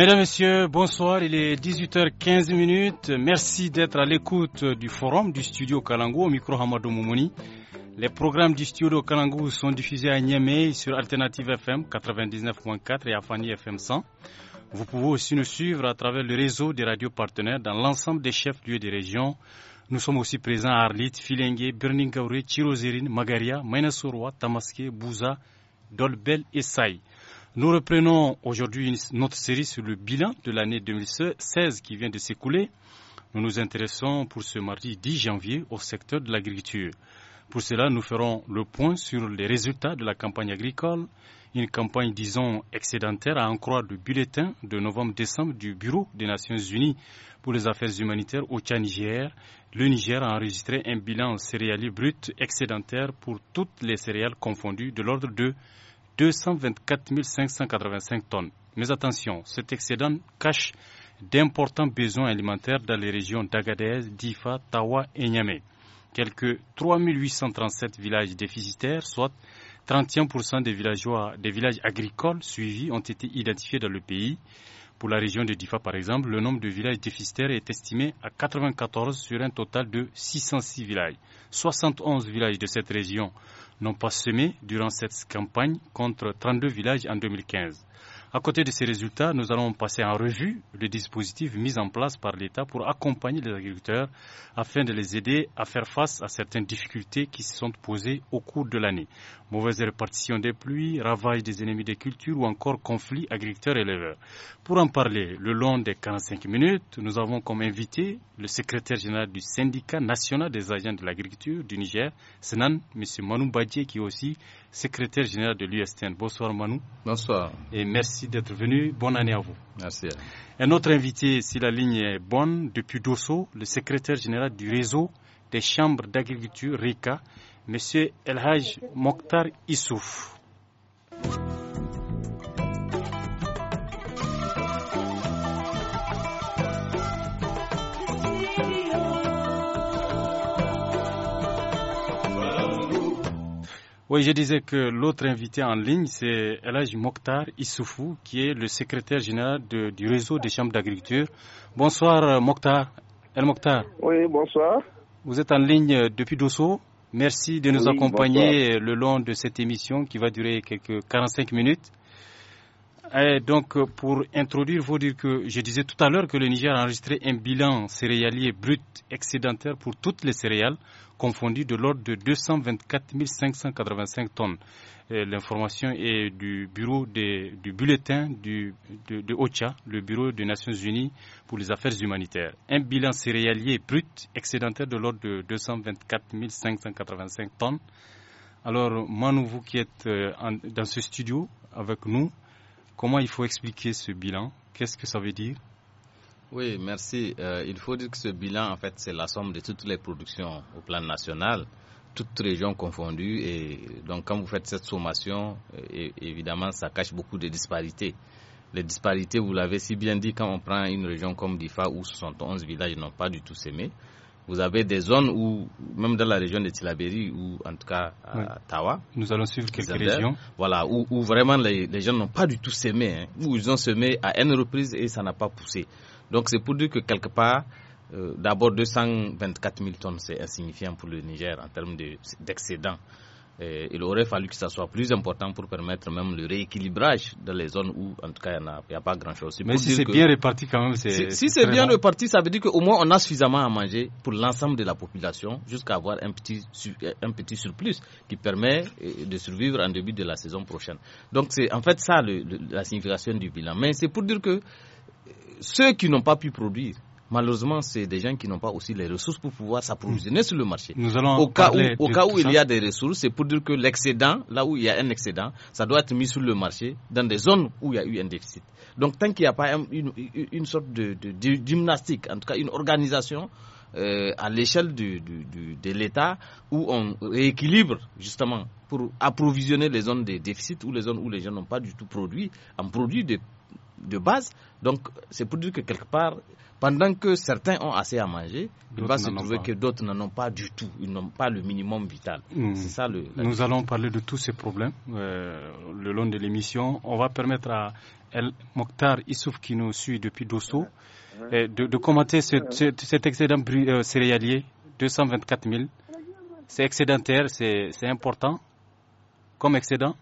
Mesdames, Messieurs, bonsoir. Il est 18h15 Merci d'être à l'écoute du forum du studio Kalango au micro Hamadou Moumouni. Les programmes du studio Kalango sont diffusés à Niamey sur Alternative FM 99.4 et Afani FM 100. Vous pouvez aussi nous suivre à travers le réseau des radios partenaires dans l'ensemble des chefs-lieux des régions. Nous sommes aussi présents à Arlit, Filengue, Berningauré, Chirozérine, Magaria, Mainasouroua, Tamaské, Bouza, Dolbel et Saï. Nous reprenons aujourd'hui notre série sur le bilan de l'année 2016 qui vient de s'écouler. Nous nous intéressons pour ce mardi 10 janvier au secteur de l'agriculture. Pour cela, nous ferons le point sur les résultats de la campagne agricole, une campagne, disons, excédentaire à en croire le bulletin de novembre-décembre du Bureau des Nations Unies pour les affaires humanitaires au Tchad-Niger. Le Niger a enregistré un bilan céréalier brut excédentaire pour toutes les céréales confondues de l'ordre de 224 585 tonnes. Mais attention, cet excédent cache d'importants besoins alimentaires dans les régions d'Agadez, d'Ifa, Tawa et Niamey. Quelques 837 villages déficitaires, soit 31% des, villageois, des villages agricoles suivis ont été identifiés dans le pays. Pour la région de Difa, par exemple, le nombre de villages déficitaires est estimé à 94 sur un total de 606 villages. 71 villages de cette région n'ont pas semé durant cette campagne contre 32 villages en 2015. À côté de ces résultats, nous allons passer en revue le dispositif mis en place par l'État pour accompagner les agriculteurs afin de les aider à faire face à certaines difficultés qui se sont posées au cours de l'année. Mauvaise répartition des pluies, ravage des ennemis des cultures ou encore conflits agriculteurs-éleveurs. Pour en parler le long des 45 minutes, nous avons comme invité le secrétaire général du syndicat national des agents de l'agriculture du Niger, Senan, M. Manou Badié, qui est aussi secrétaire général de l'USTN. Bonsoir Manou. Bonsoir. Et merci Merci d'être venu. Bonne année à vous. Merci. Un autre invité, si la ligne est bonne, depuis Dosso, le secrétaire général du réseau des chambres d'agriculture RICA, M. Elhaj Mokhtar Issouf. Oui, je disais que l'autre invité en ligne, c'est Elaj Mokhtar Issoufou, qui est le secrétaire général du réseau des chambres d'agriculture. Bonsoir euh, Mokhtar. El Mokhtar. Oui, bonsoir. Vous êtes en ligne euh, depuis Dosso. Merci de nous accompagner euh, le long de cette émission qui va durer quelques 45 minutes. donc, pour introduire, il faut dire que je disais tout à l'heure que le Niger a enregistré un bilan céréalier brut excédentaire pour toutes les céréales confondu de l'ordre de 224 585 tonnes. Euh, l'information est du bureau du bulletin du, de, de, OCHA, le bureau des Nations Unies pour les affaires humanitaires. Un bilan céréalier brut excédentaire de l'ordre de 224 585 tonnes. Alors, Manu, vous qui êtes euh, dans ce studio avec nous, comment il faut expliquer ce bilan Qu'est-ce que ça veut dire oui, merci. Euh, il faut dire que ce bilan, en fait, c'est la somme de toutes les productions au plan national, toutes régions confondues. Et donc, quand vous faites cette sommation, euh, évidemment, ça cache beaucoup de disparités. Les disparités, vous l'avez si bien dit, quand on prend une région comme Difa, où 71 villages n'ont pas du tout semé. vous avez des zones où, même dans la région de Tilaberi, ou en tout cas à Tawa. Nous allons suivre quelques régions. Voilà, où, vraiment les, gens n'ont pas du tout semé, hein. où ils ont semé à une reprise et ça n'a pas poussé. Donc c'est pour dire que quelque part, euh, d'abord 224 000 tonnes, c'est insignifiant pour le Niger en termes d'excédent. euh, il aurait fallu que ça soit plus important pour permettre même le rééquilibrage dans les zones où, en tout cas, il n'y a, pas grand-chose. Mais si c'est bien réparti quand même, c'est... Si, si c'est bien réparti, ça veut dire qu'au moins on a suffisamment à manger pour l'ensemble de la population jusqu'à avoir un petit, un petit surplus qui permet euh, de survivre en début de la saison prochaine. Donc c'est en fait ça la signification du bilan. Mais c'est pour dire que ceux qui n'ont pas pu produire, malheureusement, c'est des gens qui n'ont pas aussi les ressources pour pouvoir s'approvisionner hmm. sur le marché. au cas où, au cas où il y a des ressources, c'est pour dire que l'excédent, là où il y a un excédent, ça doit être mis sur le marché dans des zones où il y a eu un déficit. Donc, tant qu'il n'y a pas une, une, sorte de, gymnastique, en tout cas une organisation euh, à l'échelle de l'État où on rééquilibre justement pour approvisionner les zones de déficit ou les zones où les gens n'ont pas du tout produit, en produit de de base. Donc, c'est pour dire que quelque part, pendant que certains ont assez à manger, il va se trouver que d'autres n'en ont pas du tout. Ils n'ont pas le minimum vital. Hmm. C'est ça le. Nous allons parler de tous ces problèmes euh, le long de l'émission. On va permettre à El Mokhtar Issouf qui nous suit depuis Dosso euh, de, commenter cet excédent euh, céréalier 224 000. C'est excédentaire, c'est important comme excédent.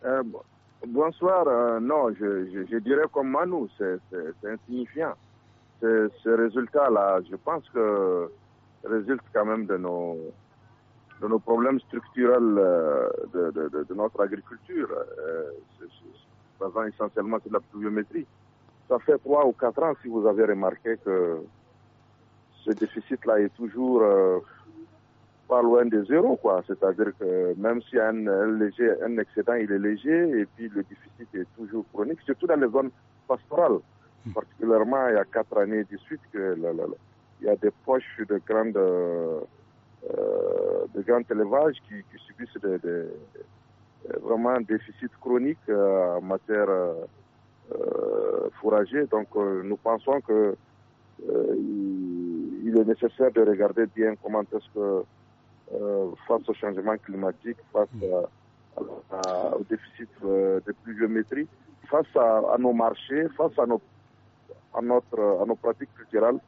Bonsoir. Euh, non, je, je, je, dirais comme Manu, c'est insignifiant. Ce résultat-là, je pense que résulte quand même de nos, de nos problèmes structurels euh, de, de, de, notre agriculture, euh, basant essentiellement de la pluviométrie. Ça fait trois ou quatre ans, si vous avez remarqué, que ce déficit-là est toujours euh, pas loin de zéro, quoi. C'est-à-dire que même s'il y a un, léger, un excédent, il est léger, et puis le déficit est toujours chronique, surtout dans les zones pastorales. Hmm. Particulièrement, il y a quatre années de suite que il y a des poches de grandes, euh, de grands élevages qui, subissent vraiment un déficit chronique euh, en matière euh, euh fourragée. Donc, nous pensons que il est nécessaire de regarder bien comment est-ce que euh, face au changement climatique, face mm. au déficit euh, de pluviométrie, face à, nos marchés, face à nos, notre, à nos pratiques culturelles,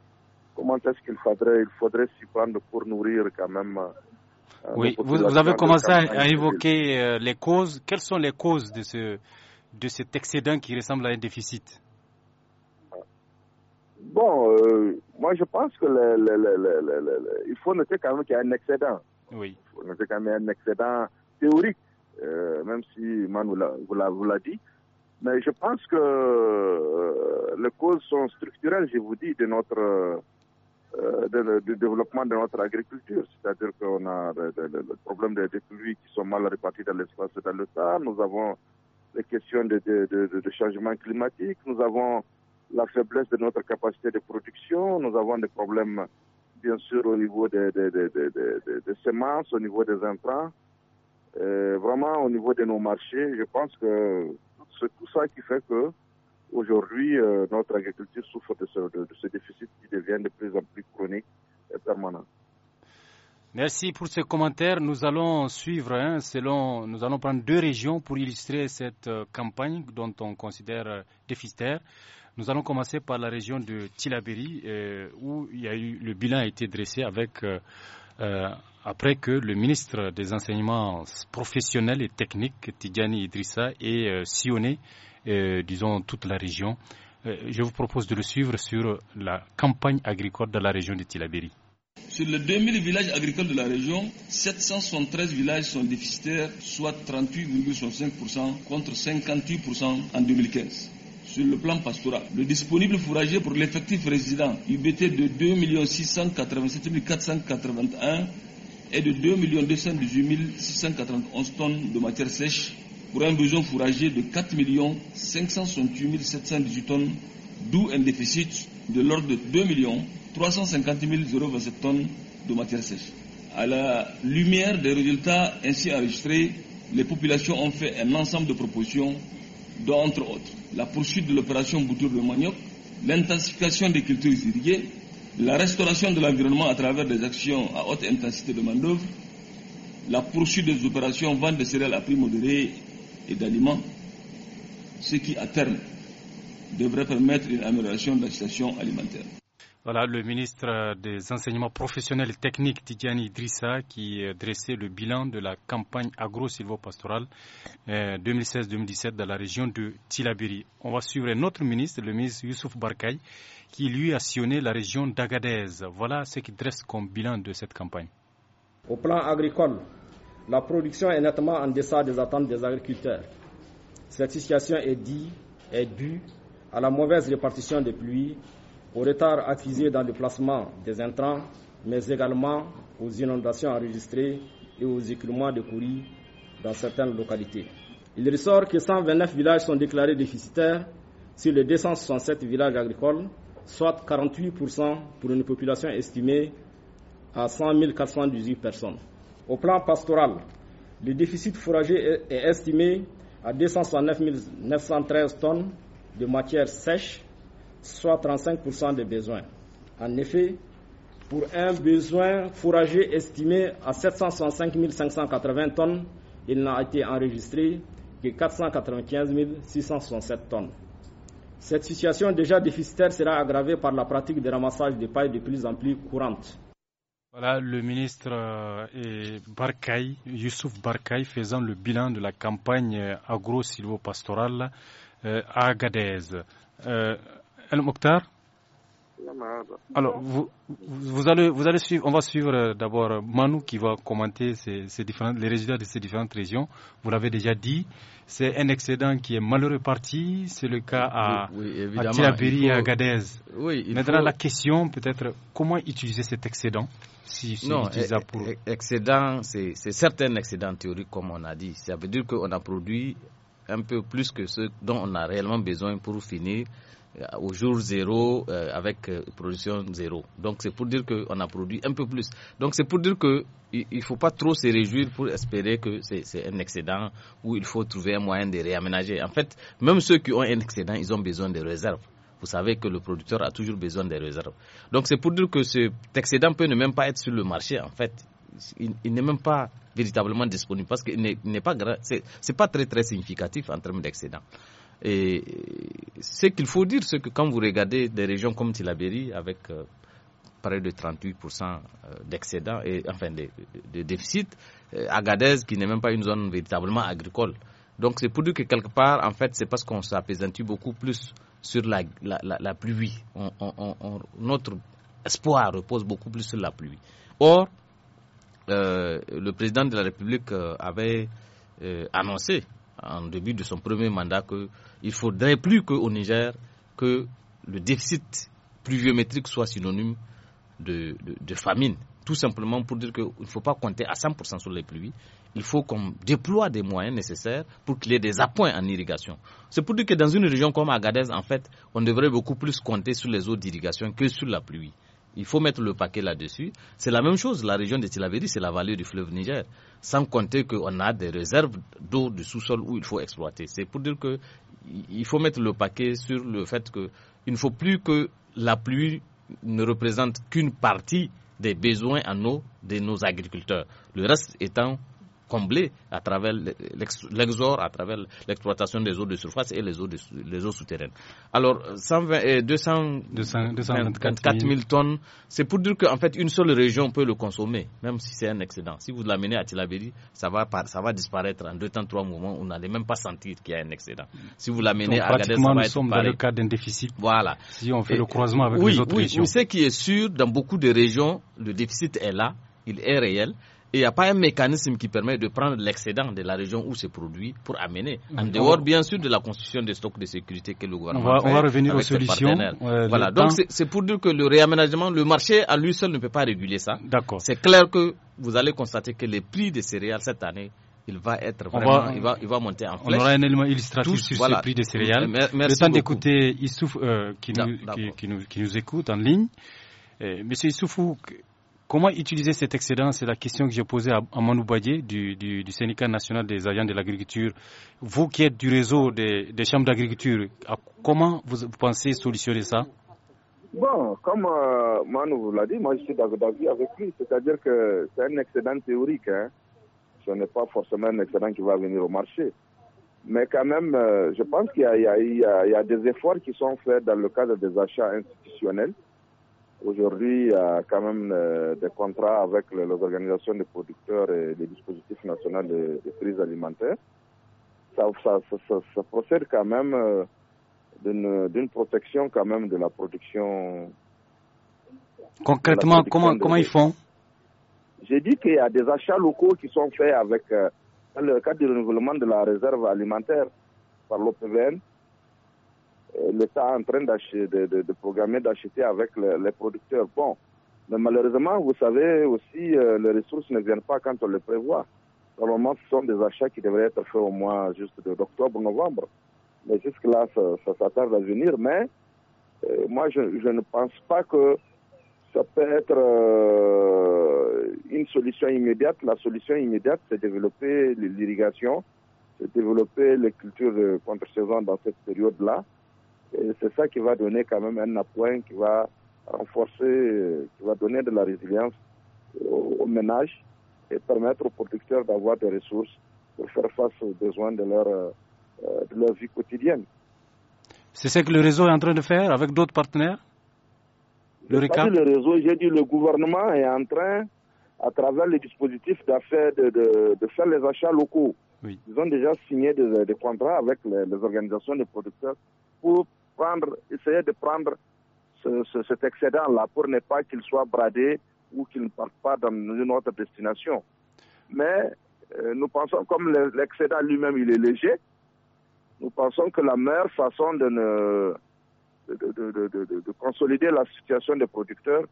comment est-ce qu'il faudrait, il faudrait s'y prendre pour nourrir quand même. Euh, oui, vous, avez commencé à, évoquer les causes. Quelles sont les causes de, ce, de cet excédent qui ressemble à un déficit Bon, moi je pense que il faut noter quand même qu'il y a un excédent. Oui. quand même un excédent théorique, euh, même si Man vous l'a dit. Mais je pense que euh, les causes sont structurelles, je vous dis, de notre euh, développement de notre agriculture. C'est-à-dire qu'on a le, problème des pluies qui sont mal réparties dans l'espace et dans le temps. Nous avons les questions de, de changement climatique. Nous avons la faiblesse de notre capacité de production. Nous avons des problèmes bien sûr au niveau des, semences, au niveau des intrants, euh, vraiment au niveau de nos marchés. Je pense que c'est tout ça qui fait que aujourd'hui euh, notre agriculture souffre de ce, déficit qui devient de plus en plus chronique et permanent. Merci pour ces commentaires Nous allons suivre, hein, selon, nous allons prendre deux régions pour illustrer cette euh, campagne dont on considère déficitaire. Nous allons commencer par la région de Tilaberi, euh, où il y a eu, le bilan a été dressé euh, euh, après que le ministre des Enseignements professionnels et techniques, Tidjani Idrissa, ait sillonné, disons, toute la région. je vous propose de le suivre sur la campagne agricole de la région de Tilaberi. Sur les 2000 villages agricoles de la région, 773 villages sont déficitaires, soit 38,65% contre 58% en 2015 sur le plan pastoral. Le disponible fourragé pour l'effectif résident UBT de 2 687 481 et de 2 218 tonnes de matière sèche pour un besoin fourrager de 4 718 tonnes, d'où un déficit de l'ordre de 2 350 027 tonnes de matière sèche. À la lumière des résultats ainsi enregistrés, les populations ont fait un ensemble de propositions dont entre autres la poursuite de l'opération bouture de manioc, l'intensification des cultures irriguées, la restauration de l'environnement à travers des actions à haute intensité de main-d'œuvre, la poursuite des opérations vente de céréales à prix modéré et d'aliments, ce qui à terme devrait permettre une amélioration de la situation alimentaire. Voilà le ministre des Enseignements professionnels et techniques, Tidjani Drissa, qui euh, dressé le bilan de la campagne agro-silvopastorale 2016-2017 euh, dans la région de Tilabiri. On va suivre notre ministre, le ministre Youssouf Barkay, qui lui a sillonné la région d'Agadez. Voilà ce qu'il dresse comme bilan de cette campagne. Au plan agricole, la production est nettement en deçà des attentes des agriculteurs. Cette situation est due à la mauvaise répartition des pluies au retard accusé dans le placement des intrants, mais également aux inondations enregistrées et aux écoulements de courriers dans certaines localités. Il ressort que 129 villages sont déclarés déficitaires sur les 267 villages agricoles, soit 48% pour une population estimée à 100 418 personnes. Au plan pastoral, le déficit fourrager est estimé à 269 913 tonnes de matière sèche soit 35% des besoins. En effet, pour un besoin fourragé estimé à 765 580 tonnes, il n'a été enregistré que 495 667 tonnes. Cette situation déjà déficitaire sera aggravée par la pratique de ramassage de paille de plus en plus courante. Voilà le ministre euh, Barkay, Youssouf Barkaï, faisant le bilan de la campagne euh, agro-silvopastorale euh, à Agadez. Euh, alors, vous, allez, vous allez suivre, on va suivre euh, d'abord euh, Manou qui va commenter ces, les résultats de ces différentes régions. Vous l'avez déjà dit, c'est un excédent qui est malheureux parti. C'est le cas à, oui, à Tirabiri et à Gadez. Maintenant, la question peut-être, comment utiliser cet excédent si non, e- pour... E- excédent, c'est certain excédent théorique comme on a dit. Ça veut dire qu'on a produit un peu plus que ce dont on a réellement besoin pour finir euh, au jour zéro euh, avec euh, production zéro. Donc c'est pour dire qu'on a produit un peu plus. Donc c'est pour dire que il ne faut pas trop se réjouir pour espérer que c'est un excédent où il faut trouver un moyen de réaménager. En fait, même ceux qui ont un excédent, ils ont besoin de réserves. Vous savez que le producteur a toujours besoin des réserves. Donc c'est pour dire que cet excédent peut ne même pas être sur le marché. En fait, il, n'est même pas véritablement disponible parce qu'il n'est pas C'est pas très très significatif en termes d'excédent. Et ce qu'il faut dire, c'est que quand vous regardez des régions comme Tilaberi, avec euh, près de 38% euh, d'excédents et enfin de, de déficit, euh, Agadez, qui n'est même pas une zone véritablement agricole. Donc c'est pour dire que quelque part, en fait, c'est parce qu'on s'apaisantit beaucoup plus sur la, la, la, pluie. notre espoir repose beaucoup plus sur la pluie. Or, le président de la République avait annoncé en début de son premier mandat qu'il faudrait plus qu'au Niger que le déficit pluviométrique soit synonyme de, famine. Tout simplement pour dire qu'il ne faut pas compter à 100% sur les pluies. Il faut qu'on déploie des moyens nécessaires pour qu'il y ait des appoints en irrigation. C'est pour dire que dans une région comme Agadez, en fait, on devrait beaucoup plus compter sur les eaux d'irrigation que sur la pluie. Il faut mettre le paquet là-dessus. C'est la même chose, la région de Tilaveri, c'est la vallée du fleuve Niger. Sans compter qu'on a des réserves d'eau du sous-sol où il faut exploiter. C'est pour dire qu'il faut mettre le paquet sur le fait qu'il ne faut plus que la pluie ne représente qu'une partie des besoins en eau de nos agriculteurs. Le reste étant comblée à travers l'exor, à travers l'exploitation des eaux de surface et les eaux, les eaux souterraines. Alors, 120, 200, 200, 224 000, tonnes, c'est pour dire qu'en fait, une seule région peut le consommer, même si c'est un excédent. Si vous l'amenez à Tilaberi, ça va, ça va disparaître en deux temps, trois mouvements. on n'allait même pas sentir qu'il y a un excédent. Si vous l'amenez à Agadez, ça va nous sommes dans le cadre d'un déficit. Voilà. Si on fait le croisement avec les autres oui, régions. Oui, ce qui est sûr, dans beaucoup de régions, le déficit est là, il est réel il n'y a pas un mécanisme qui permet de prendre l'excédent de la région où c'est produit pour amener, en dehors bien sûr de la constitution des stocks de sécurité que le gouvernement On va, fait on va revenir aux solutions. voilà, donc c'est pour dire que le réaménagement, le marché à lui seul ne peut pas réguler ça. D'accord. C'est clair que vous allez constater que les prix des céréales cette année il va être vraiment, va, il, va, il va monter en flèche. On aura un élément illustratif sur voilà. prix des céréales. Merci Le temps d'écouter Issouf euh, qui, qui, nous, qui, nous, écoute en ligne. Euh, Monsieur Issoufou, Comment utiliser cet excédent C'est la question que j'ai posée à, Manou Badier du, du, syndicat national des agents de l'agriculture. Vous qui êtes du réseau des, chambres d'agriculture, comment vous, pensez solutionner ça Bon, comme euh, Manou vous l'a dit, moi je suis d'avis avec lui, c'est-à-dire que c'est un excédent théorique. Hein. Ce n'est pas forcément un excédent qui va venir au marché. Mais quand même, euh, je pense qu'il y, a des efforts qui sont faits dans le cadre des achats institutionnels Aujourd'hui, il y a quand même euh, des contrats avec les, organisations de producteurs et les dispositifs nationaux de, de crise alimentaire. Ça, procède quand même euh, d'une protection quand même de la production. Concrètement, comment, comment ils font J'ai dit qu'il y a des achats locaux qui sont faits avec euh, dans le cadre du renouvellement de la réserve alimentaire par l'OPVN. Euh, l'État est en train de, de, programmer d'acheter avec les producteurs. Bon, mais malheureusement, vous savez aussi, euh, les ressources ne viennent pas quand on les prévoit. Normalement, ce sont des achats qui devraient être faits au mois juste d'octobre, novembre. Mais jusque-là, ça, s'attarde à venir. Mais euh, moi, je, ne pense pas que ça peut être une solution immédiate. La solution immédiate, c'est développer l'irrigation, c'est développer les cultures de contre-saison dans cette période-là c'est ça qui va donner quand même un appoint qui va renforcer, qui va donner de la résilience aux, ménages et permettre aux producteurs d'avoir des ressources pour faire face aux besoins de leur, euh, de leur vie quotidienne. C'est ce que le réseau est en train de faire avec d'autres partenaires Le Le réseau, j'ai dit le gouvernement est en train, à travers les dispositifs d'affaires, de, de, faire les achats locaux. Ils ont déjà signé des, contrats avec les, les organisations de producteurs pour essayer de prendre cet excédent-là pour ne pas qu'il soit bradé ou qu'il ne parte pas dans une autre destination. Mais euh, nous pensons, comme l'excédent lui-même, il est léger, nous pensons que la meilleure façon de, de, consolider la situation des producteurs,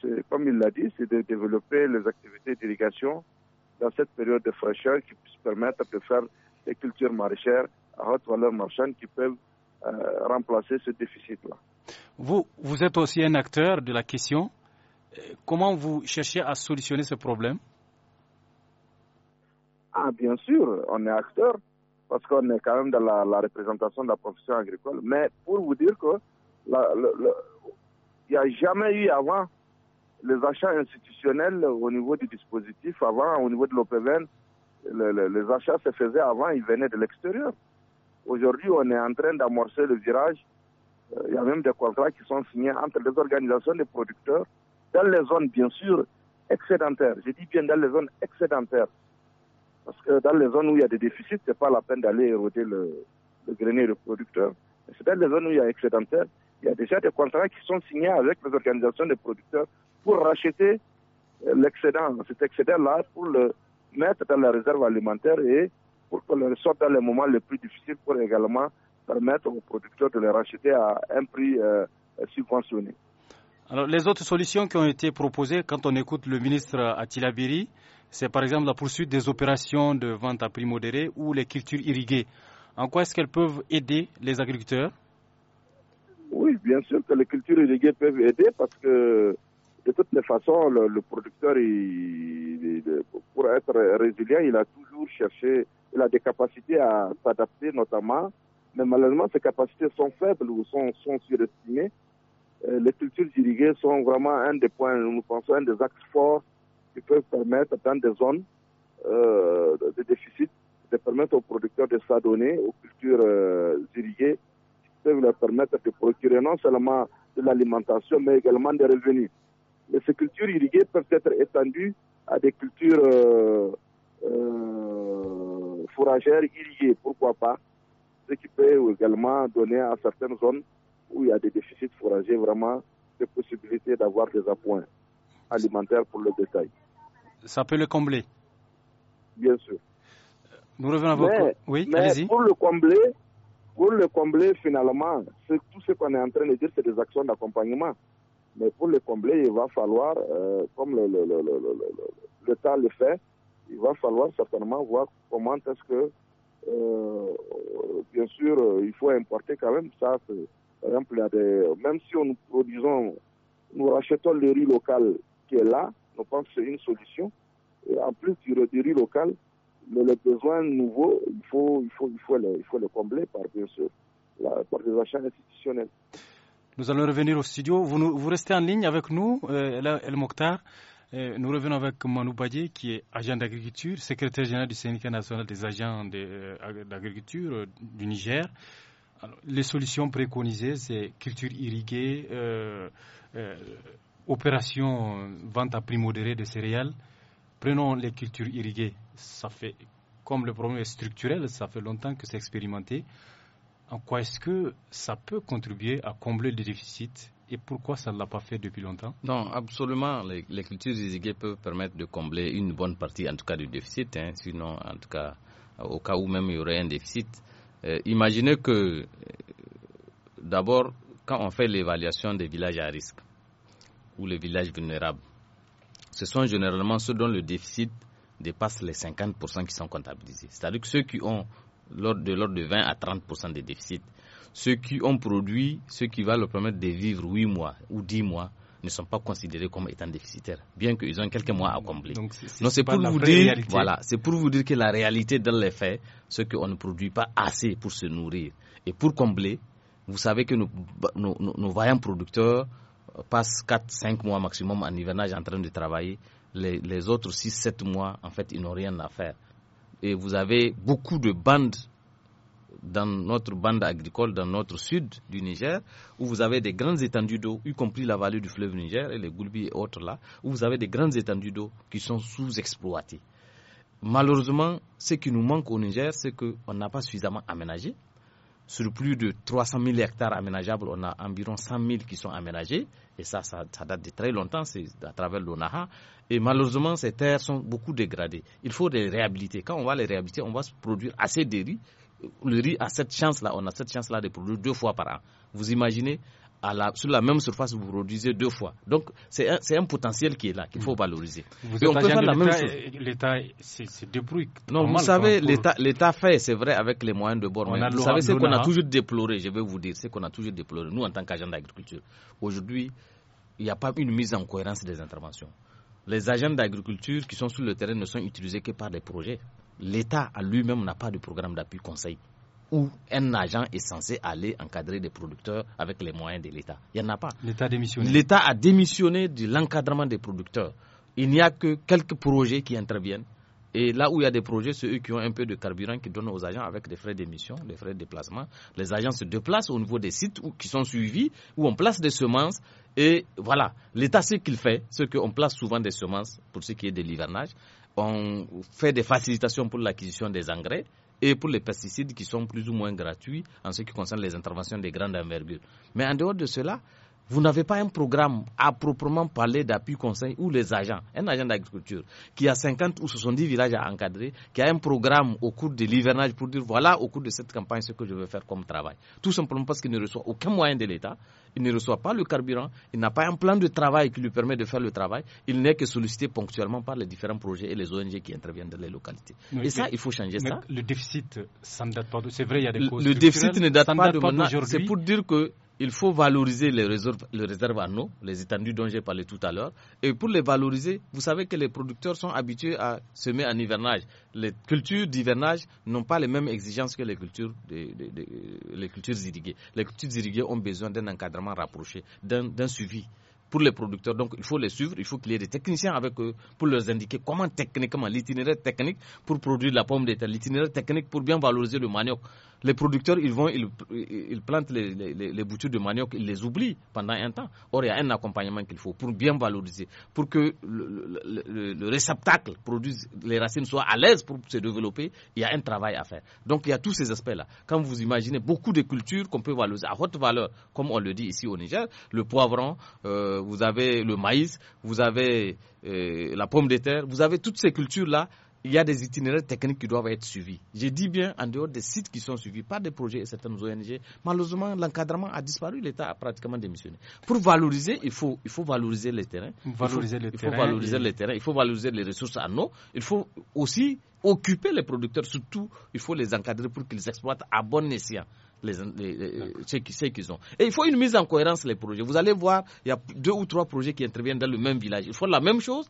c'est, comme il l'a dit, c'est de développer les activités d'irrigation dans cette période de fraîcheur qui puisse permettre de faire des cultures maraîchères à haute valeur marchande qui peuvent euh, remplacer ce déficit-là. Vous, vous êtes aussi un acteur de la question. Euh, comment vous cherchez à solutionner ce problème Ah, bien sûr, on est acteur parce qu'on est quand même dans la, représentation de la profession agricole. Mais pour vous dire que il n'y a jamais eu avant les achats institutionnels au niveau du dispositif, avant au niveau de l'OPVN, les achats se faisaient avant, ils venaient de l'extérieur. Aujourd'hui, on est en train d'amorcer le virage. Euh, il y a même des contrats qui sont signés entre les organisations des producteurs dans les zones, bien sûr, excédentaires. Je dis bien dans les zones excédentaires. Parce que dans les zones où il y a des déficits, ce n'est pas la peine d'aller éroder le, le grenier du producteur. C'est dans les zones où il y a excédentaires. Il y a déjà des contrats qui sont signés avec les organisations des producteurs pour racheter euh, l'excédent, cet excédent-là, pour le mettre dans la réserve alimentaire et pour qu'on les dans les moments les plus difficiles pour également permettre aux producteurs de les racheter à un prix euh, subventionné. Alors, les autres solutions qui ont été proposées, quand on écoute le ministre Atilabiri, c'est par exemple la poursuite des opérations de vente à prix modéré ou les cultures irriguées. En quoi est-ce qu'elles peuvent aider les agriculteurs Oui, bien sûr que les cultures irriguées peuvent aider parce que de toutes les façons, le, producteur, pour être résilient, il a toujours cherché, il a des capacités à s'adapter notamment, mais malheureusement, ces capacités sont faibles ou sont, surestimées. Euh, les cultures irriguées sont vraiment un des points, nous pensons, un des axes forts qui peuvent permettre dans des zones euh, de déficit, de permettre aux producteurs de s'adonner aux cultures euh, irriguées qui peuvent leur permettre de procurer non seulement de l'alimentation, mais également des revenus mais ces cultures irriguées peuvent être étendues à des cultures euh, euh, fourragères irriguées, pourquoi pas, ce qui peut également donner à certaines zones où il y a des déficits fourragers vraiment des possibilités d'avoir des appoints alimentaires pour le détail. Ça peut le combler Bien sûr. Nous revenons à votre... oui, mais pour le combler, pour le combler finalement, tout ce qu'on est en train de dire, c'est des actions d'accompagnement. Mais pour les combler, il va falloir, euh, comme le, le, le, temps le fait, il va falloir certainement voir comment est-ce que, euh, bien sûr, euh, il faut importer quand même ça. exemple, même si nous oh, produisons, nous rachetons le riz local qui est là, nous pensons que c'est une solution. Et en plus du, du riz local, mais les besoins nouveaux, il faut, il faut, il faut, les, il faut le combler par, bien sûr, par des achats institutionnels. Nous allons revenir au studio. Vous, restez en ligne avec nous, euh, El, Mokhtar. Euh, nous revenons avec Manou Badié, qui est agent d'agriculture, secrétaire général du syndicat national des agents euh, d'agriculture du Niger. les solutions préconisées, c'est culture irriguée, opération vente à prix modéré de céréales. Prenons les cultures irriguées. Ça fait, comme le problème est structurel, ça fait longtemps que c'est expérimenté en quoi est-ce que ça peut contribuer à combler le déficit et pourquoi ça ne l'a pas fait depuis longtemps Non, absolument. Les, cultures irriguées peuvent permettre de combler une bonne partie, en tout cas, du déficit. Hein. Sinon, en tout cas, au cas où même il y aurait un déficit, euh, imaginez que, euh, d'abord, quand on fait l'évaluation des villages à risque ou les villages vulnérables, ce sont généralement ceux dont le déficit dépasse les 50% qui sont comptabilisés. C'est-à-dire que ceux qui ont de, l'ordre de 20 à 30 de déficit. Ceux qui ont produit, ceux qui va leur permettre de vivre 8 mois ou 10 mois, ne sont pas considérés comme étant déficitaires, bien qu'ils ont quelques mois à combler. Donc, c'est pour vous dire, voilà, c'est pour vous dire que la réalité dans les faits, c'est qu'on ne produit pas assez pour se nourrir et pour combler. Vous savez que nos, nos, vaillants producteurs euh, passent 4-5 mois maximum en hivernage en train de travailler. Les, les autres 6-7 mois, en fait, ils n'ont rien à faire et vous avez beaucoup de bandes dans notre bande agricole, dans notre sud du Niger, où vous avez des grandes étendues d'eau, y compris la vallée du fleuve Niger et les Goulbi et autres là, où vous avez des grandes étendues d'eau qui sont sous-exploitées. Malheureusement, ce qui nous manque au Niger, c'est qu'on n'a pas suffisamment aménagé sur plus de 300 000 hectares aménageables, on a environ 100 000 qui sont aménagés. Et ça, ça, date de très longtemps, c'est à travers l'ONAHA. Et malheureusement, ces terres sont beaucoup dégradées. Il faut les réhabiliter. Quand on va les réhabiliter, on va se produire assez de riz. Le riz a cette chance-là, on a cette chance-là de produire deux fois par an. Vous imaginez sur la même surface, vous produisez deux fois. Donc, c'est un, potentiel qui est là, qu'il faut mm. valoriser. Vous L'État se débrouille. Non, vous savez, l'État fait, c'est vrai, avec les moyens de bord. vous savez, ce qu'on a toujours déploré, je vais vous dire, ce qu'on a toujours déploré, nous, en tant qu'agents d'agriculture, aujourd'hui, il n'y a pas une mise en cohérence des interventions. Les agents d'agriculture qui sont sur le terrain ne sont utilisés que par des projets. L'État à lui-même n'a pas de programme d'appui conseil où un agent est censé aller encadrer des producteurs avec les moyens de l'État. Il n'y en a pas. L'État a démissionné. L'État a démissionné de l'encadrement des producteurs. Il n'y a que quelques projets qui interviennent. Et là où il y a des projets, c'est eux qui ont un peu de carburant qui donnent aux agents avec des frais d'émission, des frais de déplacement. Les agents se déplacent au niveau des sites qui sont suivis, où on place des semences. Et voilà, l'État, ce qu'il fait, c'est qu'on place souvent des semences pour ce qui est de l'hivernage. On fait des facilitations pour l'acquisition des engrais et pour les pesticides qui sont plus ou moins gratuits en ce qui concerne les interventions des grandes envergures. Mais en dehors de cela, vous n'avez pas un programme à proprement parler d'appui conseil ou les agents, un agent d'agriculture qui a 50 ou 70 villages à encadrer, qui a un programme au cours de l'hivernage pour dire voilà au cours de cette campagne ce que je veux faire comme travail. Tout simplement parce qu'il ne reçoit aucun moyen de l'État, il ne reçoit pas le carburant, il n'a pas un plan de travail qui lui permet de faire le travail, il n'est que sollicité ponctuellement par les différents projets et les ONG qui interviennent dans les localités. Mais et ça, il faut changer ça. Le déficit, ça ne date pas de... C'est vrai, il y a des causes Le déficit ne pas de maintenant. C'est pour dire que il faut valoriser les réserves, les eau, les étendues dont j'ai parlé tout à l'heure. Et pour les valoriser, vous savez que les producteurs sont habitués à semer en hivernage. Les cultures d'hivernage n'ont pas les mêmes exigences que les cultures, les cultures irriguées. Les cultures irriguées ont besoin d'un encadrement rapproché, d'un suivi pour les producteurs. Donc, il faut les suivre. Il faut qu'il y ait des techniciens avec eux pour leur indiquer comment techniquement, l'itinéraire technique pour produire la pomme de l'itinéraire technique pour bien valoriser le manioc. Les producteurs, ils vont, ils, ils plantent les, les, les, boutures de manioc, ils les oublient pendant un temps. Or, il y a un accompagnement qu'il faut pour bien valoriser, pour que le, réceptacle produise, les racines soient à l'aise pour se développer. Il y a un travail à faire. Donc, il y a tous ces aspects-là. Quand vous imaginez beaucoup de cultures qu'on peut valoriser à haute valeur, comme on le dit ici au Niger, le poivron, euh, vous avez le maïs, vous avez euh, la pomme de terre, vous avez toutes ces cultures-là. Il y a des itinéraires techniques qui doivent être suivis. J'ai dit bien en dehors des sites qui sont suivis, pas des projets et certaines ONG. Malheureusement, l'encadrement a disparu, l'État a pratiquement démissionné. Pour valoriser, il faut, valoriser les terrains. il faut, les il valoriser les terrains. Il faut valoriser les ressources en eau. Il faut aussi occuper les producteurs. Surtout, il faut les encadrer pour qu'ils exploitent à bon escient les, ceux qu'ils ont. Et il faut une mise en cohérence les projets. Vous allez voir, il y a deux ou trois projets qui interviennent dans le même village. Il faut la même chose.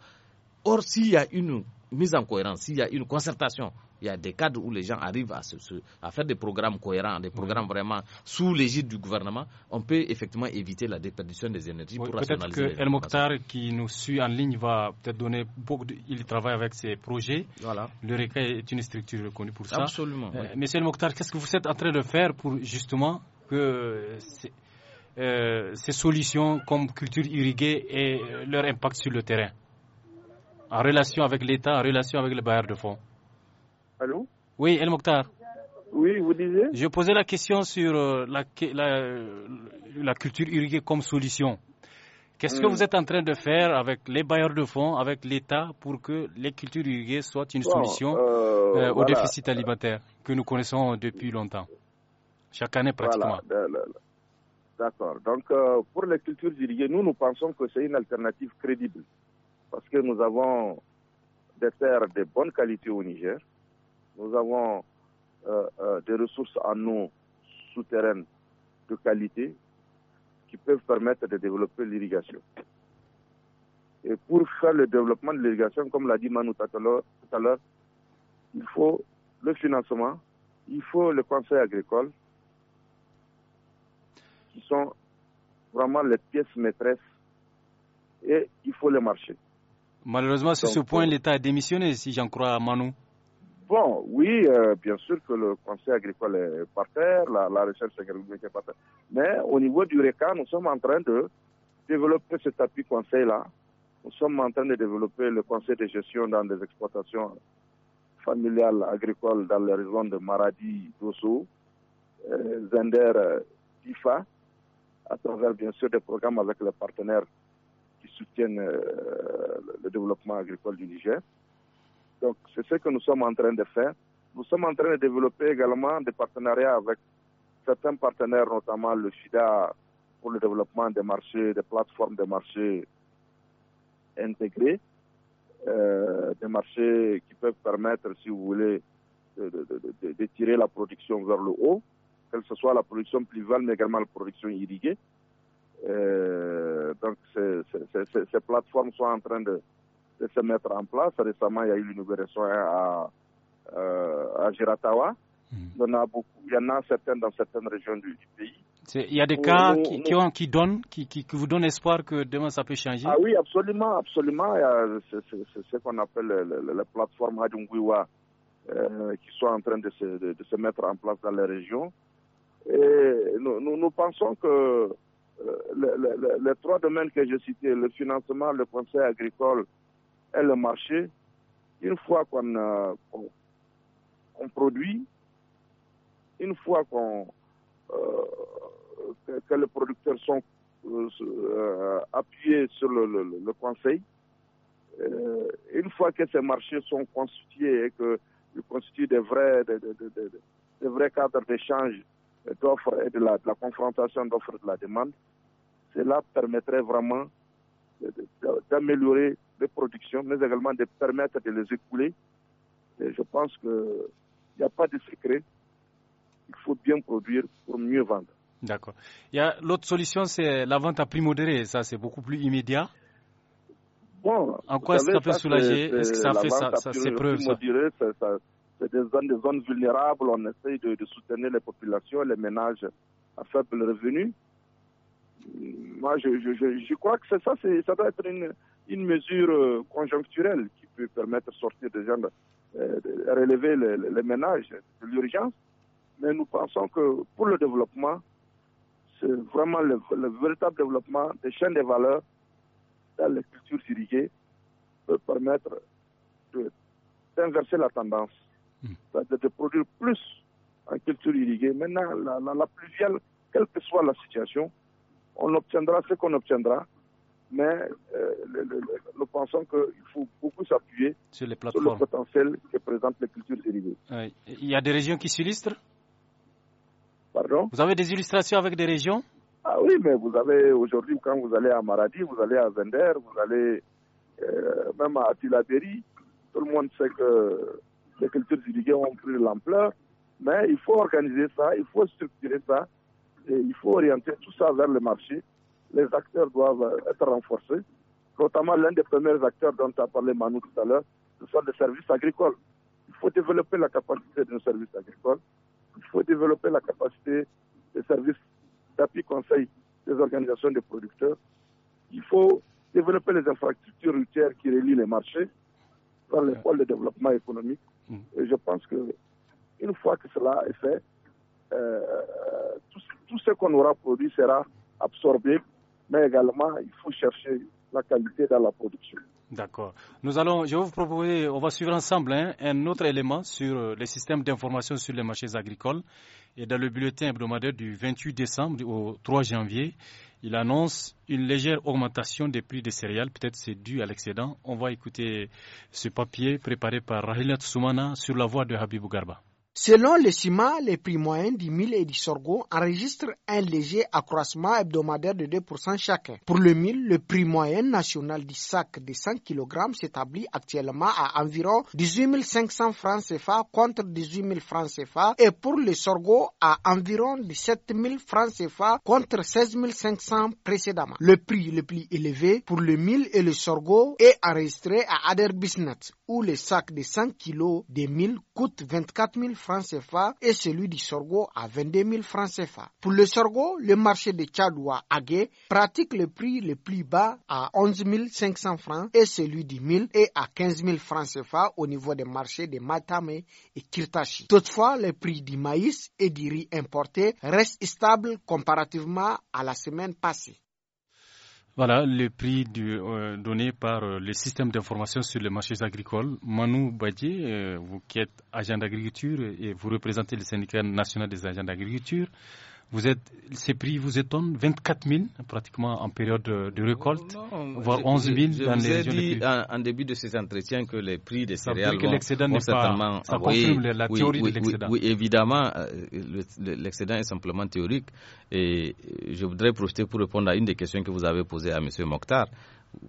Or, s'il y a une mise en cohérence, s'il y a une concertation il y a des cadres où les gens arrivent à, faire des programmes cohérents, des programmes vraiment sous l'égide du gouvernement, on peut effectivement éviter la déperdition des énergies pour rationaliser. Peut-être que El Mokhtar, qui nous suit en ligne, va peut-être donner beaucoup. De... Il travaille avec ses projets. Le RECA est une structure reconnue pour ça. Absolument. Euh, Monsieur El Mokhtar, qu'est-ce que vous êtes en train de faire pour justement que. Euh, euh, ces solutions comme culture irriguée et leur impact sur le terrain, en relation avec l'État, en relation avec les bailleurs de fonds Allô Oui, El Mokhtar. Oui, vous disiez Je posais la question sur euh, la, culture irriguée comme solution. Qu'est-ce que hmm. vous êtes en train de faire avec les bailleurs de fonds, avec l'État, pour que les cultures irriguées soient une solution euh, euh, au déficit alimentaire que nous connaissons depuis longtemps Chaque année pratiquement. D'accord. Donc, pour les cultures irriguées, nous, nous pensons que c'est une alternative crédible. Parce que nous avons des terres de bonne qualité au Niger. Nous avons euh, euh, des ressources en eau souterraines de qualité qui peuvent permettre de développer l'irrigation. Et pour faire le développement de l'irrigation, comme l'a dit Manu tout à l'heure, il faut le financement, il faut le conseil agricole, qui sont vraiment les pièces maîtresses, et il faut les marché. Malheureusement, sur ce point, euh, l'État a démissionné, si j'en crois à Manu. Bon, oui, euh, bien sûr que le conseil agricole est par terre, la, recherche agricole est par terre. Mais au niveau du RECA, nous sommes en train de développer cet tapis conseil-là. Nous sommes en train de développer le conseil de gestion dans des exploitations familiales agricoles dans les régions de Maradi, Dosso, euh, Zender, euh, IFA, à travers bien sûr des programmes avec les partenaires qui soutiennent le développement agricole du Niger. Donc, c'est ce que nous sommes en train de faire. Nous sommes en train de développer également des partenariats avec certains partenaires, notamment le FIDA pour le développement des marchés, des plateformes de marchés intégrés, euh, des marchés qui peuvent permettre, si vous voulez, de, tirer la production vers le haut, que ce soit la production pluviale, mais également la production irriguée. Euh, donc, ces plateformes sont en train de, de se mettre en place. Récemment, il y a eu l'inauguration hein, à, euh, à Giratawa. Hmm. Il, y en a beaucoup, il y en a certains dans certaines régions du, pays. Il y a des cas qui, qui, donnent, qui, qui, vous donnent espoir que demain ça peut changer Ah oui, absolument, absolument. C'est ce qu'on appelle les plateformes Hadjunguiwa euh, qui sont en train de se, de, se, mettre en place dans les régions. Et nous, nous, pensons que euh, les, les trois domaines que j'ai cités, le financement, le conseil agricole et le marché. Une fois qu'on euh, produit, une fois qu'on euh, que, les producteurs sont euh, euh, appuyés sur le, le, conseil, euh, une fois que ces marchés sont constitués et que constituent des vrais, des, des, des, des vrais cadres d'échange d'offres et de la, de la confrontation d'offres et de la demande, cela permettrait vraiment d'améliorer de production, mais également de permettre de les écouler. Et je pense qu'il n'y a pas de secret. Il faut bien produire pour mieux vendre. D'accord. L'autre solution, c'est la vente à prix modéré. Ça, c'est beaucoup plus immédiat. Bon, en quoi est-ce que ça peut soulager Est-ce que ça fait ça, ça ses C'est des zones, vulnérables. On essaye de, soutenir les populations, les ménages à faible revenu. Moi, je, crois que ça, ça doit être une, une mesure euh, conjoncturelle qui peut permettre de sortir des gens, euh, de relever les, ménages de l'urgence. Mais nous pensons que pour le développement, c'est vraiment le, véritable développement des chaînes de valeur dans les cultures irriguées peut permettre d'inverser la tendance, hmm. de, produire plus en culture irriguée. Maintenant, la, la pluviale, quelle que soit la situation, on obtiendra ce qu'on obtiendra mais euh, nous pensons qu'il faut beaucoup s'appuyer sur, le potentiel que présentent les cultures irriguées. il y a des régions qui s'illustrent Pardon Vous avez des illustrations avec des régions Ah oui, mais vous avez aujourd'hui, quand vous allez à Maradi, vous allez à Zender, vous allez euh, même à Tilaberi, tout le monde sait que les cultures irriguées ont pris l'ampleur, mais il faut organiser ça, il faut structurer ça, il faut orienter tout ça vers le marché les acteurs doivent euh, être renforcés, notamment l'un des premiers acteurs dont a parlé Manu tout à l'heure, ce sont les services agricoles. Il faut développer la capacité de nos services agricoles, il faut développer la capacité des services d'appui conseil des organisations de producteurs, il faut développer les infrastructures routières qui relient les marchés, par les pôles de développement économique. Mm. Et je pense que une fois que cela est fait, euh, tout ce qu'on aura produit sera absorbé mais également il faut chercher la qualité dans la production. D'accord. Nous allons, je vais vous proposer, on va suivre ensemble hein, un autre élément sur euh, les systèmes d'information sur les marchés agricoles. Et dans le bulletin hebdomadaire du 28 décembre au 3 janvier, il annonce une légère augmentation des prix des céréales. Peut-être c'est dû à l'excédent. On va écouter ce papier préparé par Rahilat Soumana sur la voie de Habibou Garba. Selon le CIMA, les prix moyens du mille et du sorgho enregistrent un léger accroissement hebdomadaire de 2% chacun. Pour le mille, le prix moyen national du sac de 100 kg s'établit actuellement à environ 18 500 francs CFA contre 18 000 francs CFA et pour le sorgho à environ 17 000 francs CFA contre 16 500 précédemment. Le prix le plus élevé pour le mille et le sorgho est enregistré à Ader Business où le sac de 100 kg de mille coûte 24 000 francs francs CFA et celui du sorgho à 22 000 francs CFA. Pour le sorgho, le marché de Tchadoua Agué pratique le prix le plus bas à 11 500 francs et celui du Mille et à 15 000 francs CFA au niveau des marchés de Matame et Kirtachi. Toutefois, le prix du maïs et du riz importé reste stable comparativement à la semaine passée. Voilà le prix du, euh, par euh, le système d'information sur les marchés agricoles. Manou Badier, euh, vous qui êtes agent d'agriculture et vous représentez le syndicat national des agents d'agriculture, vous êtes, ces prix vous étonnent 24 000 pratiquement en période de, récolte, oh, voire 11 000 dans les vous ai dit en, début de ces entretiens que les prix des céréales vont, certainement... Pas, ça confirme la théorie de l'excédent. Oui, évidemment, euh, l'excédent est simplement théorique. Et je voudrais profiter pour répondre à une des questions que vous avez posées à M. Mokhtar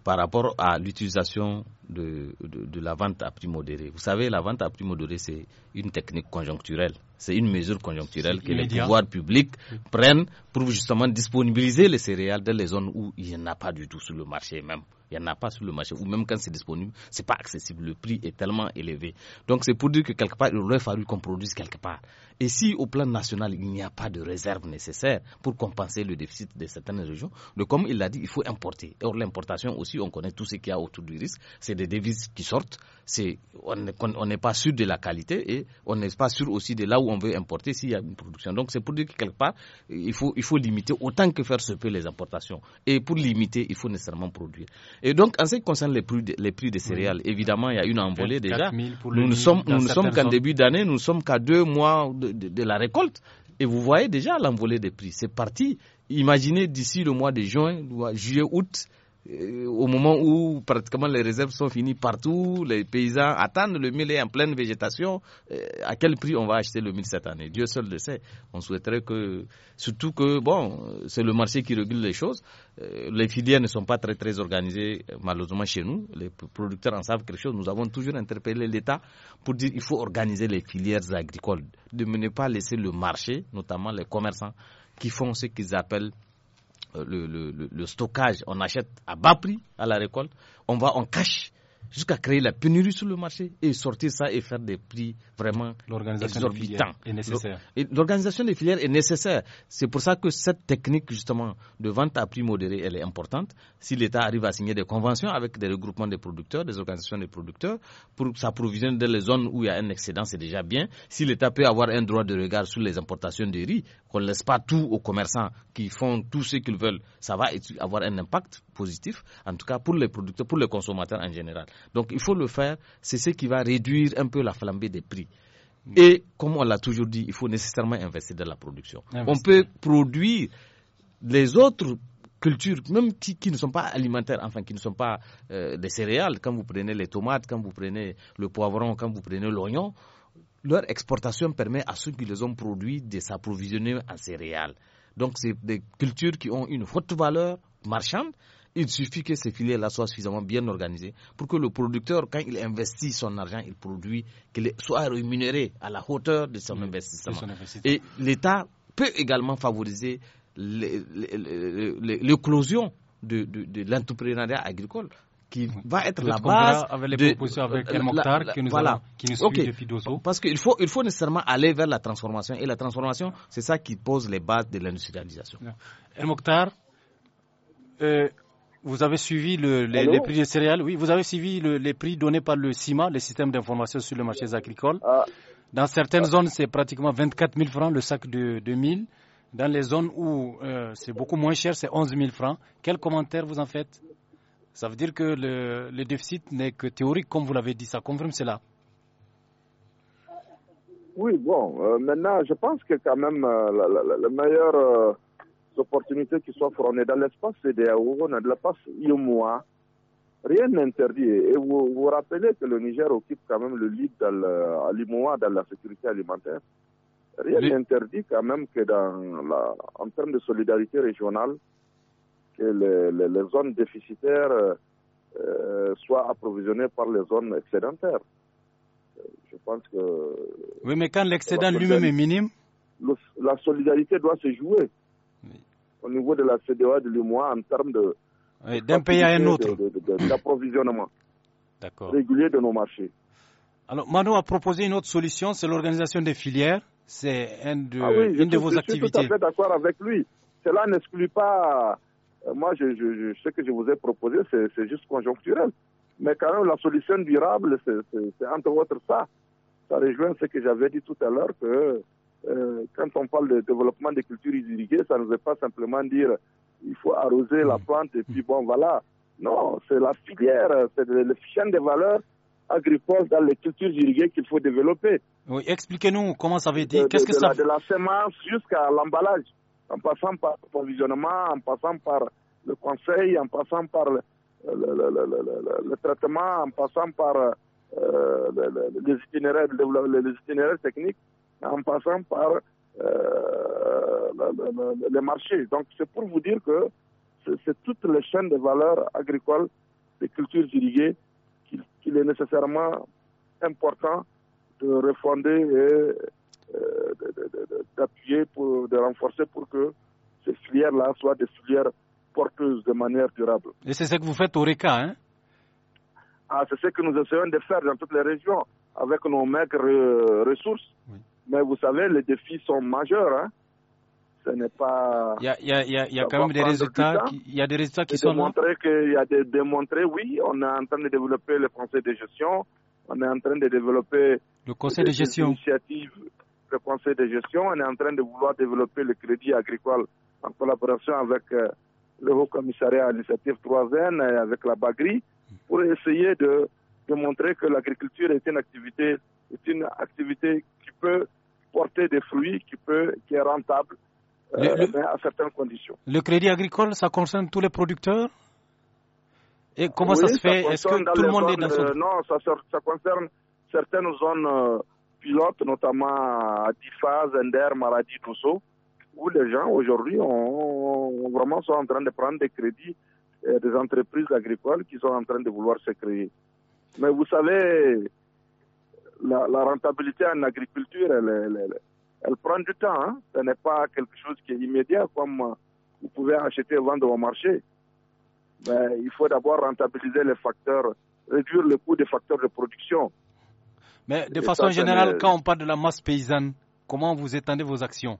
par rapport à l'utilisation de, la vente à prix modéré. Vous savez, la vente à prix modéré, c'est une technique conjoncturelle. C'est une mesure conjoncturelle que les pouvoirs publics prennent pour justement disponibiliser les céréales dans les zones où il n'y en a pas du tout sur le marché même. Il n'y en a pas sur le marché. Ou même quand c'est disponible, ce n'est pas accessible. Le prix est tellement élevé. Donc c'est pour dire que quelque part, il aurait fallu qu'on produise quelque part. Et si au plan national, il n'y a pas de réserve nécessaire pour compenser le déficit de certaines régions, comme il l'a dit, il faut importer. Or, l'importation aussi, on connaît tout ce qu'il y a autour du risque. C'est des devises qui sortent, on n'est pas sûr de la qualité et on n'est pas sûr aussi de là où on veut importer s'il y a une production. Donc c'est pour dire que quelque part, il faut, limiter autant que faire se peut les importations. Et pour limiter, il faut nécessairement produire. Et donc en ce qui concerne les prix, des céréales, évidemment, il y a une envolée déjà. nous ne sommes, nous sommes qu'en début d'année, nous ne sommes qu'à deux mois de la récolte. Et vous voyez déjà l'envolée des prix. C'est parti. Imaginez d'ici le mois de juin, juillet, août, euh, au moment où pratiquement les réserves sont finies partout, les paysans attendent le mille est en pleine végétation. Euh, à quel prix on va acheter le mille cette année Dieu seul le sait. On souhaiterait que, surtout que, bon, c'est le marché qui régule les choses. Euh, les filières ne sont pas très très organisées malheureusement chez nous. Les producteurs en savent quelque chose. Nous avons toujours interpellé l'État pour dire qu'il faut organiser les filières agricoles, de ne pas laisser le marché, notamment les commerçants, qui font ce qu'ils appellent euh, le, stockage, on achète à bas prix à la récolte, on va en cache jusqu'à créer la pénurie sur le marché et sortir ça et faire des prix vraiment exorbitants. L'organisation des est nécessaire. L'organisation des filières est nécessaire. C'est pour ça que cette technique justement de vente à prix modéré, elle est importante. Si l'État arrive à signer des conventions avec des regroupements des producteurs, des organisations des producteurs, pour s'approvisionner dans les zones où il y a un excédent, c'est déjà bien. Si l'État peut avoir un droit de regard sur les importations de riz, qu'on ne laisse pas tout aux commerçants qui font tout ce qu'ils veulent, ça va avoir un impact positif, en tout cas pour les producteurs, pour les consommateurs en général. Donc il faut le faire, c'est ce qui va réduire un peu la flambée des prix. Et comme on l'a toujours dit, il faut nécessairement investir dans la production. On peut produire les autres cultures, même qui, qui, ne sont pas alimentaires, enfin qui ne sont pas euh, des céréales. Quand vous prenez les tomates, quand vous prenez le poivron, quand vous prenez l'oignon, leur exportation permet à ceux qui les ont produits de s'approvisionner en céréales. Donc, c'est des cultures qui ont une haute valeur marchande. Il suffit que ces filières-là soient suffisamment bien organisées pour que le producteur, quand il investit son argent, il produit, qu'il soit rémunéré à la hauteur de son, mmh. investissement. Et l'État peut également favoriser l'éclosion de l'entrepreneuriat agricole qui va être la base. Avec les propositions avec El Mokhtar, qui nous, voilà. qui nous depuis Parce qu'il faut, il faut nécessairement aller vers la transformation. Et la transformation, c'est ça qui pose les bases de l'industrialisation. El Mokhtar, euh, vous avez suivi les, prix des céréales. Oui, vous avez suivi les prix donnés par le CIMA, le système d'information sur les marchés agricoles. Ah. Dans certaines zones, c'est pratiquement 24 000 francs le sac de, 2 000. Dans les zones où euh, c'est beaucoup moins cher, c'est 11 000 francs. Quel commentaire vous en faites ça veut dire que le, déficit n'est que théorique, comme vous l'avez dit. Ça confirme cela Oui, bon. Euh, maintenant, je pense que quand même, euh, la, meilleure euh, opportunité qui soit on dans l'espace CDAO, on de dans l'espace IOMOA. Rien n'interdit. Et vous vous rappelez que le Niger occupe quand même le lead dans à l'IMOA dans la sécurité alimentaire. Rien n'interdit quand même que dans la, en termes de solidarité régionale, que les, zones déficitaires euh, euh, soient approvisionnées par les zones excédentaires. Euh, je pense que. Oui, mais quand l'excédent lui-même est minime La solidarité doit se jouer au niveau de la CDA de l'UMOA en termes de. d'un pays à un autre. D'approvisionnement régulier de nos marchés. Alors, Manu a proposé une autre solution, c'est l'organisation des filières. C'est de, ah une de vos activités. Je suis tout à fait d'accord avec lui. Cela n'exclut pas euh, moi, je, ce que je vous ai proposé, c'est juste conjoncturel. Mais quand même, la solution durable, c'est entre autres ça. Ça rejoint ce que j'avais dit tout à l'heure, que euh, quand on parle de développement des cultures irriguées, ça ne veut pas simplement dire il faut arroser la mmh. plante et puis mmh. bon, voilà. Non, c'est la filière, c'est le chaîne de valeur agricole dans les cultures irriguées qu'il faut développer. expliquez-nous comment ça veut dire. Qu'est-ce que ça De la semence jusqu'à l'emballage en passant par le provisionnement, en passant par le conseil, en passant par le, traitement, en passant par les, itinéraires, techniques, en passant par les marchés. Donc c'est pour vous dire que c'est toutes les chaîne de valeur agricoles, des cultures irriguées, qu'il est nécessairement important de refonder et euh, d'appuyer, pour, de renforcer pour que ces filières-là soient des filières porteuses de manière durable. Et c'est ce que vous faites au RECA, hein ah, C'est ce que nous essayons de faire dans toutes les régions avec nos maigres euh, ressources. Mais vous savez, les défis sont majeurs. Hein. Ce n'est pas. Il y a, y a, y a quand même des résultats, qui, y a des résultats qui sont démontrer y a des démontrés, oui. On est en train de développer le conseil de gestion. On est en train de développer le conseil de gestion conseil de gestion. On est en train de vouloir développer le crédit agricole en collaboration avec euh, le Haut Commissariat à l'initiative 3N et avec la Bagri pour essayer de, de montrer que l'agriculture est une activité est une activité qui peut porter des fruits, qui peut qui est rentable euh, mais à certaines conditions. Le crédit agricole, ça concerne tous les producteurs Et comment ça se fait Est-ce que tout le monde est dans ce... Euh, non, ça, ça concerne certaines zones notamment à Difa, Ender, Maradi, tout ça, où les gens aujourd'hui ont, vraiment sont en train de prendre des crédits euh, des entreprises agricoles qui sont en train de vouloir se créer. Mais vous savez, la, rentabilité en agriculture, elle, prend du temps. Hein. Ce n'est pas quelque chose qui est immédiat comme vous pouvez acheter et vendre au marché. Mais il faut d'abord rentabiliser les facteurs, réduire le coût des facteurs de production. Mais de façon générale, quand on parle de la masse paysanne, comment vous étendez vos actions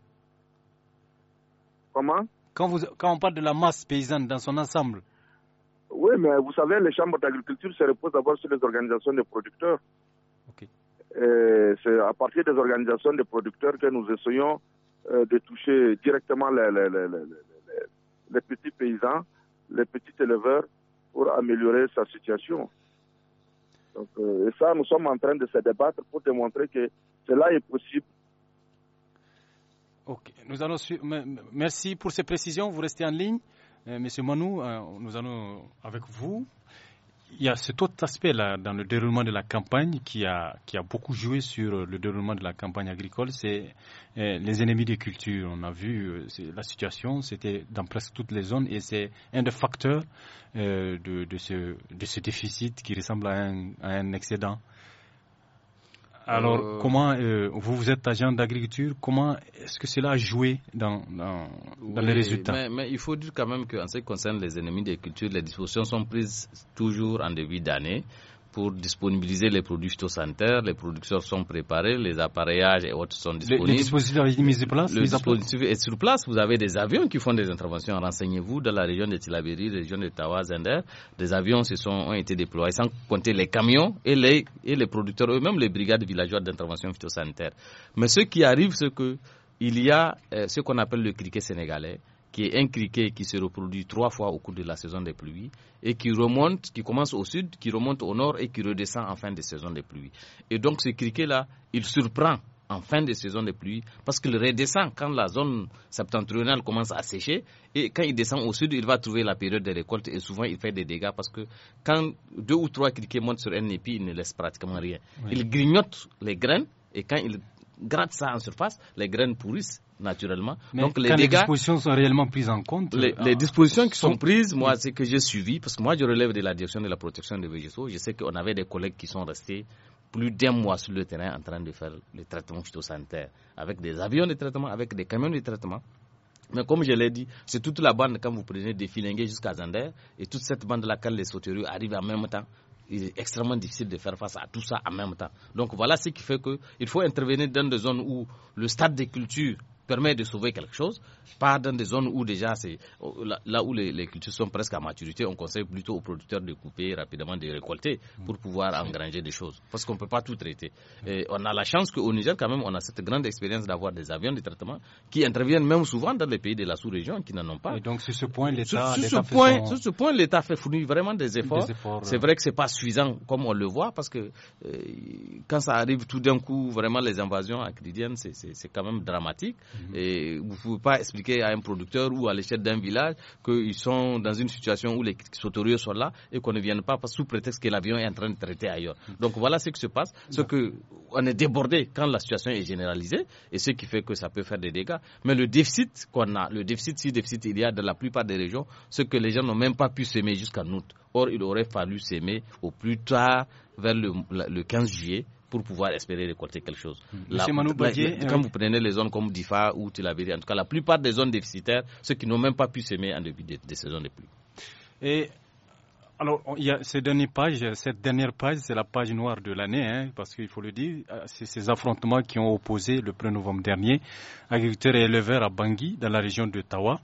Comment quand, on parle de la masse paysanne dans son ensemble. Oui, mais vous savez, les chambres d'agriculture se reposent d'abord sur les organisations de producteurs. C'est à partir des organisations de producteurs que nous essayons euh, de toucher directement les petits paysans, les petits éleveurs pour améliorer sa situation. Euh, et ça, nous sommes en train de se débattre pour démontrer que cela est possible. Ok, nous allons Merci pour ces précisions. Vous restez en ligne. Euh, Monsieur Manou, euh, nous allons avec vous il y a cet autre aspect-là dans le déroulement de la campagne qui a, qui a beaucoup joué sur euh, le déroulement de la campagne agricole, c'est euh, les ennemis des cultures. On a vu euh, la situation, c'était dans presque toutes les zones et c'est un des facteurs de, de, ce, de, ce, déficit qui ressemble à un, à un excédent alors, euh, comment euh, vous, vous êtes agent d'agriculture, comment est-ce que cela a joué dans, dans, les résultats mais, mais, il faut dire quand même qu'en ce qui concerne les ennemis des cultures, les dispositions sont prises toujours en début d'année pour disponibiliser les produits phytosanitaires. Les producteurs sont préparés, les appareillages et autres sont disponibles. Les dispositifs mis en place les dispositif est sur place. Vous avez des avions qui font des interventions. Renseignez-vous dans la région de Tilaberi, région de Tawazender. Des avions se sont, ont été déployés, sans compter les camions et les, et les producteurs eux-mêmes, les brigades villageoises d'intervention phytosanitaire. Mais ce qui arrive, c'est qu'il y a euh, ce qu'on appelle le criquet sénégalais qui est un criquet qui se reproduit trois fois au cours de la saison des pluies et qui remonte, qui commence au sud, qui remonte au nord et qui redescend en fin de saison des pluies. Et donc ce criquet-là, il surprend en fin de saison des pluies parce qu'il redescend quand la zone septentrionale commence à sécher et quand il descend au sud, il va trouver la période des récoltes et souvent il fait des dégâts parce que quand deux ou trois criquets montent sur un épi, il ne laisse pratiquement rien. Il grignote les graines et quand il gratte ça en surface, les graines pourrissent naturellement. Mais Donc les, les dispositions sont réellement prises en compte. Les, euh, dispositions qui sont, prises, moi, c'est que j'ai suivi, parce que moi, je relève de la direction de la protection des végétaux. Je sais qu'on avait des collègues qui sont restés plus d'un mois sur le terrain en train de faire les traitements phytosanitaires, avec des avions de traitement, avec des camions de traitement. Mais comme je l'ai dit, c'est toute la bande, quand vous prenez des Filingués jusqu'à Zander, et toute cette bande-là, quand les sauterelles arrivent en même temps, il est extrêmement difficile de faire face à tout ça en même temps. Donc voilà ce qui fait qu'il faut intervenir dans des zones où le stade des cultures permet de sauver quelque chose, pas dans des zones où déjà oh, là, où les, cultures sont presque à maturité, on conseille plutôt aux producteurs de couper rapidement, de récolter pour pouvoir mm. engranger des choses, parce qu'on ne peut pas tout traiter. Mm. on a la chance qu'au Niger quand même, on a cette grande expérience d'avoir des avions de traitement qui interviennent même souvent dans les pays de la sous-région qui n'en ont pas. donc sur ce point, l'État sur, sur, ce point, l'État fait fournir vraiment des efforts. c'est euh. vrai que c'est pas suffisant comme on le voit parce que euh, quand ça arrive tout d'un coup, vraiment les invasions acridiennes, c'est quand même dramatique. Mm-hmm. Et vous ne pouvez pas expliquer à un producteur ou à l'échelle d'un village qu'ils sont dans une situation où les sauterieux sont là et qu'on ne vienne pas sous prétexte que l'avion est en train de traiter ailleurs. Mm-hmm. Donc voilà ce qui se passe. Ce que on est débordé quand la situation est généralisée et ce qui fait que ça peut faire des dégâts. Mais le déficit qu'on a, le déficit, si déficit il y a dans la plupart des régions, c'est que les gens n'ont même pas pu s'aimer jusqu'en août. Or, il aurait fallu s'aimer au plus tard vers le 15 juillet pour pouvoir espérer récolter quelque chose. Hmm. Là, quand euh, vous prenez les zones comme Difa ou Tilaberi, en tout cas la plupart des zones déficitaires, ceux qui n'ont même pas pu semer en début des, saison saisons de pluie. Et alors, il y a ces dernières pages, cette dernière page, c'est la page noire de l'année, hein, parce qu'il faut le dire, euh, c'est ces affrontements qui ont opposé le 1er novembre dernier agriculteurs et éleveurs à Bangui, dans la région de Tawa.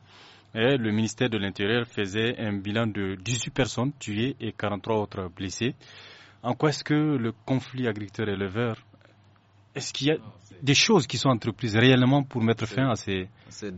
le ministère de l'Intérieur faisait un bilan de 18 personnes tuées et 43 autres blessées. En quoi est-ce que le conflit agriculteur-éleveur, est-ce qu'il y a des choses qui sont entreprises réellement pour mettre fin à, ces, cette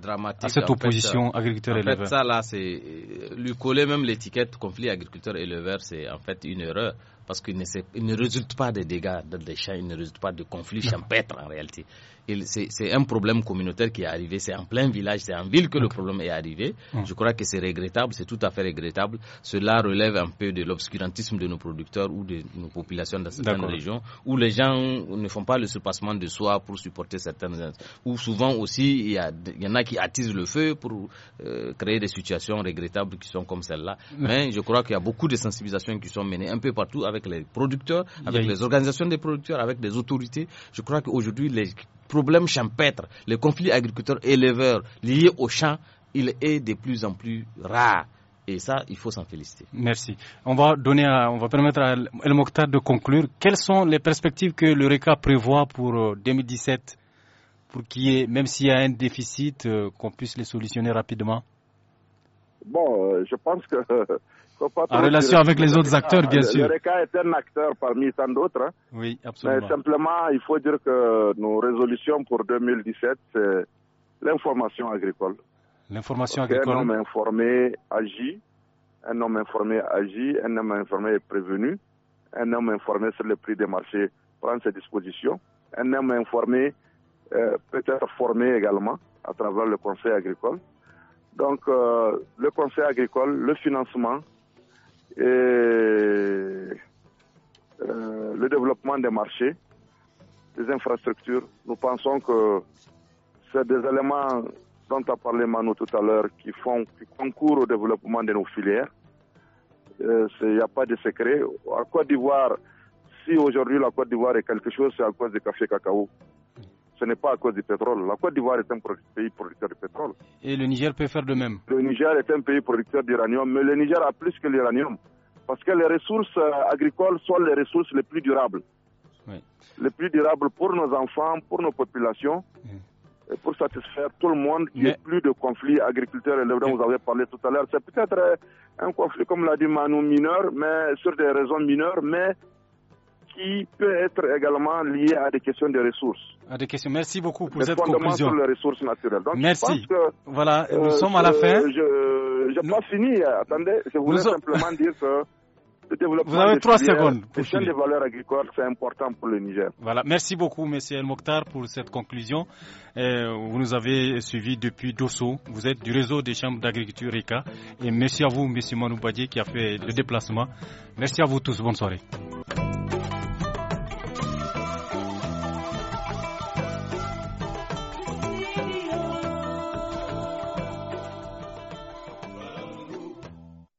opposition agriculteur-éleveur Ça, là, c'est euh, lui coller même l'étiquette conflit agriculteur-éleveur, c'est en fait une erreur parce qu'il ne, ne, résulte pas des dégâts dans les champs, il ne résulte pas de conflits champêtres en réalité. C'est un problème communautaire qui est arrivé, c'est en plein village, c'est en ville que le problème est arrivé. Je crois que c'est regrettable, c'est tout à fait regrettable. Cela relève un peu de l'obscurantisme de nos producteurs ou de nos populations dans certaines régions, où les gens ne font pas le surpassement de soi pour supporter certaines... Où souvent aussi, il y, en a qui attisent le feu pour euh, créer des situations regrettables qui sont comme celle-là. Mais je crois qu'il y a beaucoup de sensibilisations qui sont menées un peu partout avec les producteurs, avec les organisations des producteurs, avec les autorités. Je crois qu'aujourd'hui, les problèmes champêtres, les conflits agriculteurs-éleveurs liés aux champs, il est de plus en plus rare. Et ça, il faut s'en féliciter. Merci. On va donner, on va permettre à El Mokhtar de conclure. Quelles sont les perspectives que le RECA prévoit pour 2017 euh, pour qu'il y ait, même s'il y a un déficit, euh, qu'on puisse les solutionner rapidement Bon, euh, je pense que en relation avec les autres acteurs, bien sûr. Le est un acteur parmi tant d'autres. Hein. Oui, absolument. Mais simplement, il faut dire que nos résolutions pour 2017, c'est l'information agricole. L'information agricole. Un homme informé agit, un homme informé agit, un homme informé est prévenu, un homme informé sur le prix des marchés prend ses dispositions, un homme informé euh, peut être formé également à travers le conseil agricole. Donc, euh, le conseil agricole, le financement, et euh, le développement des marchés, des infrastructures. Nous pensons que c'est des éléments dont a parlé Manu tout à l'heure qui font, qui concourent au développement de nos filières. Il euh, n'y a pas de secret. À Côte d'Ivoire, si aujourd'hui la Côte d'Ivoire est quelque chose, c'est à cause du café cacao ce n'est pas à cause du pétrole. La Côte d'Ivoire est un pays producteur de pétrole. Et le Niger peut faire de même Le Niger est un pays producteur d'uranium, mais le Niger a plus que l'uranium. Parce que les ressources euh, agricoles sont les ressources les plus durables. Les plus durables pour nos enfants, pour nos populations. Et pour satisfaire tout le monde, Il n'y a plus de conflits agriculteurs et dont vous avez parlé tout à l'heure. C'est peut-être euh, un conflit, comme l'a dit Manu, mineur, mais sur des raisons mineures, mais qui peut être également lié à des questions de ressources. À des questions. Merci beaucoup pour cette conclusion. Sur les ressources naturelles. Merci. voilà, nous euh, sommes à la fin. Je n'ai pas fini. Attendez, je voulais simplement dire que Vous avez trois secondes. Pour les des valeurs agricoles, c'est important pour le Niger. Voilà. Merci beaucoup, M. El Mokhtar, pour cette conclusion. Euh, vous nous avez suivis depuis Dosso. Vous êtes du réseau des chambres d'agriculture RICA. Et merci à vous, M. Manoubadier, qui a fait le déplacement. Merci à vous tous. Bonne soirée.